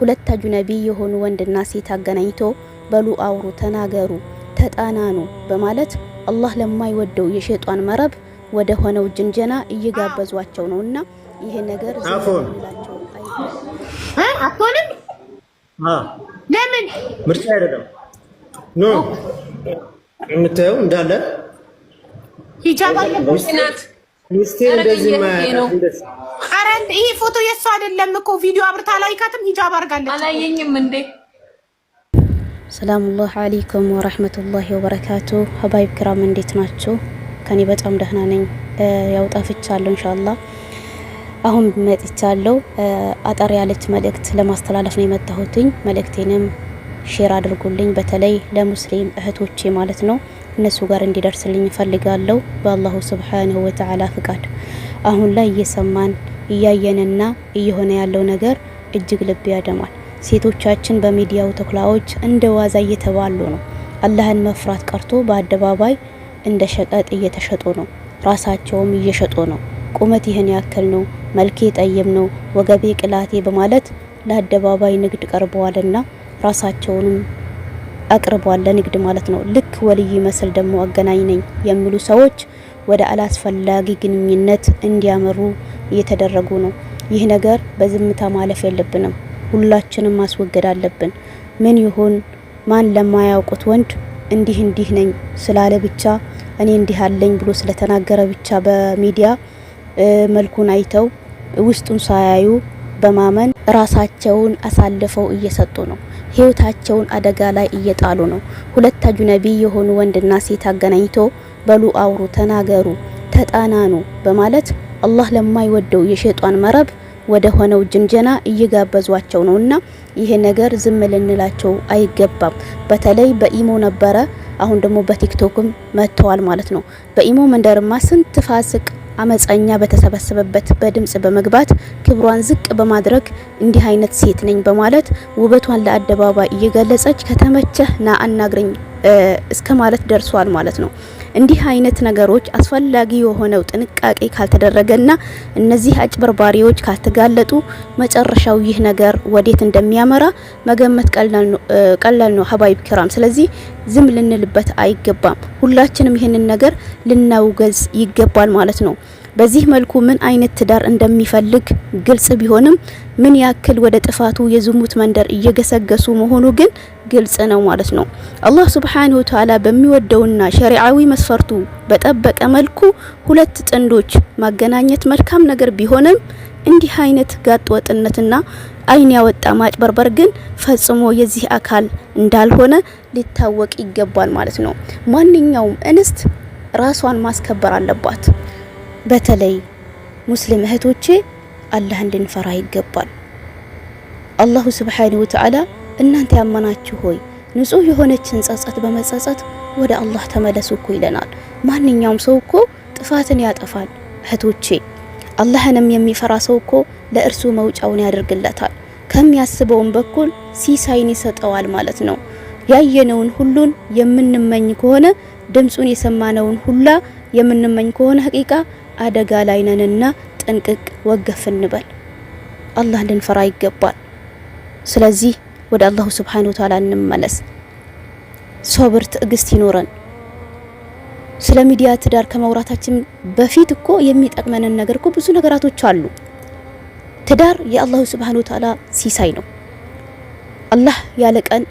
ሁለት አጅነቢ የሆኑ ወንድና ሴት አገናኝቶ በሉ አውሩ፣ ተናገሩ፣ ተጣናኑ በማለት አላህ ለማይወደው የሸጧን መረብ ወደ ሆነው ጅንጀና እየጋበዟቸው ነውና ይሄ ነገር አፎን አፎንም ለምን ምርጫ አይደለም። ኖ የምታየው እንዳለ ሂጃብ አለ ሚስቴ እንደዚህ አንድ ይሄ ፎቶ የእሱ አይደለም እኮ ቪዲዮ አብርታ ላይካትም ሂጃብ አድርጋለች። አላየኝም እንዴ? ሰላም አለይኩም ወራህመቱላሂ ወበረካቱ። ሀባይብ ክራም እንዴት ናችሁ? ከኔ በጣም ደህና ነኝ። ያው ጠፍቻለሁ ኢንሻአላህ አሁን መጥቻለሁ። አጠር ያለች መልእክት ለማስተላለፍ ነው የመጣሁትኝ። መልእክቴንም ሼር አድርጉልኝ በተለይ ለሙስሊም እህቶቼ ማለት ነው። እነሱ ጋር እንዲደርስልኝ እፈልጋለሁ በአላሁ ስብሓንሁ ወተዓላ ፍቃድ። አሁን ላይ እየሰማን እያየንና እየሆነ ያለው ነገር እጅግ ልብ ያደማል። ሴቶቻችን በሚዲያው ተኩላዎች እንደ ዋዛ እየተባሉ ነው። አላህን መፍራት ቀርቶ በአደባባይ እንደ ሸቀጥ እየተሸጡ ነው። ራሳቸውም እየሸጡ ነው። ቁመት ይህን ያክል ነው፣ መልኬ ጠይም ነው፣ ወገቤ ቅላቴ በማለት ለአደባባይ ንግድ ቀርበዋልና ራሳቸውንም አቅርቧል ለንግድ ማለት ነው። ልክ ወልይ መስል ደግሞ አገናኝ ነኝ የሚሉ ሰዎች ወደ አላስፈላጊ ግንኙነት እንዲያመሩ እየተደረጉ ነው። ይህ ነገር በዝምታ ማለፍ የለብንም። ሁላችንም ማስወገድ አለብን። ምን ይሁን ማን ለማያውቁት ወንድ እንዲህ እንዲህ ነኝ ስላለ ብቻ እኔ እንዲህ አለኝ ብሎ ስለተናገረ ብቻ በሚዲያ መልኩን አይተው ውስጡን ሳያዩ በማመን ራሳቸውን አሳልፈው እየሰጡ ነው። ህይወታቸውን አደጋ ላይ እየጣሉ ነው። ሁለት አጅነቢ የሆኑ ወንድና ሴት አገናኝቶ በሉ አውሩ፣ ተናገሩ፣ ተጣናኑ በማለት አላህ ለማይወደው የሸጧን መረብ ወደ ሆነው ጅንጀና እየጋበዟቸው ነውና ይሄ ነገር ዝም ልንላቸው አይገባም። በተለይ በኢሞ ነበረ፣ አሁን ደግሞ በቲክቶክም መጥተዋል ማለት ነው። በኢሞ መንደርማ ስንት ፋስቅ አመፀኛ በተሰበሰበበት በድምጽ በመግባት ክብሯን ዝቅ በማድረግ እንዲህ አይነት ሴት ነኝ በማለት ውበቷን ለአደባባይ እየገለጸች ከተመቸህ ና አናግረኝ እስከ ማለት ደርሷል ማለት ነው። እንዲህ አይነት ነገሮች አስፈላጊ የሆነው ጥንቃቄ ካልተደረገና እነዚህ አጭበርባሪዎች ካልተጋለጡ መጨረሻው ይህ ነገር ወዴት እንደሚያመራ መገመት ቀላል ነው ሀባይብ ኪራም። ስለዚህ ዝም ልንልበት አይገባም። ሁላችንም ይህንን ነገር ልናውገዝ ይገባል ማለት ነው። በዚህ መልኩ ምን አይነት ትዳር እንደሚፈልግ ግልጽ ቢሆንም ምን ያክል ወደ ጥፋቱ የዝሙት መንደር እየገሰገሱ መሆኑ ግን ግልጽ ነው ማለት ነው። አላህ ሱብሓነሁ ወተዓላ በሚወደውና ሸሪዓዊ መስፈርቱ በጠበቀ መልኩ ሁለት ጥንዶች ማገናኘት መልካም ነገር ቢሆንም እንዲህ አይነት ጋጥ ወጥነትና አይን ያወጣ ማጭበርበር ግን ፈጽሞ የዚህ አካል እንዳልሆነ ሊታወቅ ይገባል ማለት ነው። ማንኛውም እንስት ራሷን ማስከበር አለባት። በተለይ ሙስሊም እህቶቼ አላህ እንድንፈራ ይገባል። አላሁ ሱብሓነሁ ወተዓላ እናንተ ያመናችሁ ሆይ ንጹህ የሆነችን ጸጸት በመጸጸት ወደ አላህ ተመለሱ እኮ ይለናል። ማንኛውም ሰው እኮ ጥፋትን ያጠፋል እህቶቼ። አላህንም የሚፈራ ሰው እኮ ለእርሱ መውጫውን ያደርግለታል፣ ከሚያስበውን በኩል ሲሳይን ይሰጠዋል ማለት ነው። ያየነውን ሁሉን የምንመኝ ከሆነ ድምጹን የሰማነውን ሁላ የምንመኝ ከሆነ ሀቂቃ አደጋ ላይ ነንና ጥንቅቅ ወገፍ እንበል። አላህ ልንፈራ ይገባል። ስለዚህ ወደ አላሁ ስብሓነሁ ወተዓላ እንመለስ። ሶብር፣ ትዕግስት ይኖረን። ስለ ሚዲያ ትዳር ከማውራታችን በፊት እኮ የሚጠቅመንን ነገር እኮ ብዙ ነገራቶች አሉ። ትዳር የአላሁ ስብሓነሁ ወተዓላ ሲሳይ ነው። አላህ ያለ ቀን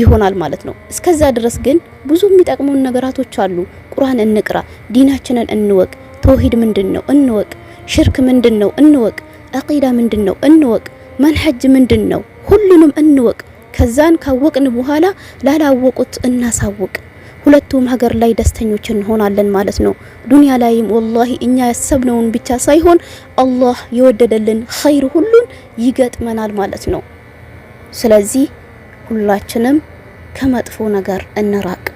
ይሆናል ማለት ነው። እስከዛ ድረስ ግን ብዙ የሚጠቅሙን ነገራቶች አሉ። ቁርአን እንቅራ፣ ዲናችንን እንወቅ፣ ተውሂድ ምንድን ነው እንወቅ፣ ሽርክ ምንድን ነው እንወቅ፣ አቂዳ ምንድን ነው እንወቅ፣ መንሐጅ ምንድን ነው ሁሉንም እንወቅ። ከዛን ካወቅን በኋላ ላላወቁት እናሳውቅ። ሁለቱም ሀገር ላይ ደስተኞች እንሆናለን ማለት ነው። ዱንያ ላይም ወላሂ እኛ ያሰብነውን ብቻ ሳይሆን አላህ የወደደልን ኸይር ሁሉን ይገጥመናል ማለት ነው። ስለዚህ ሁላችንም ከመጥፎ ነገር እንራቅ።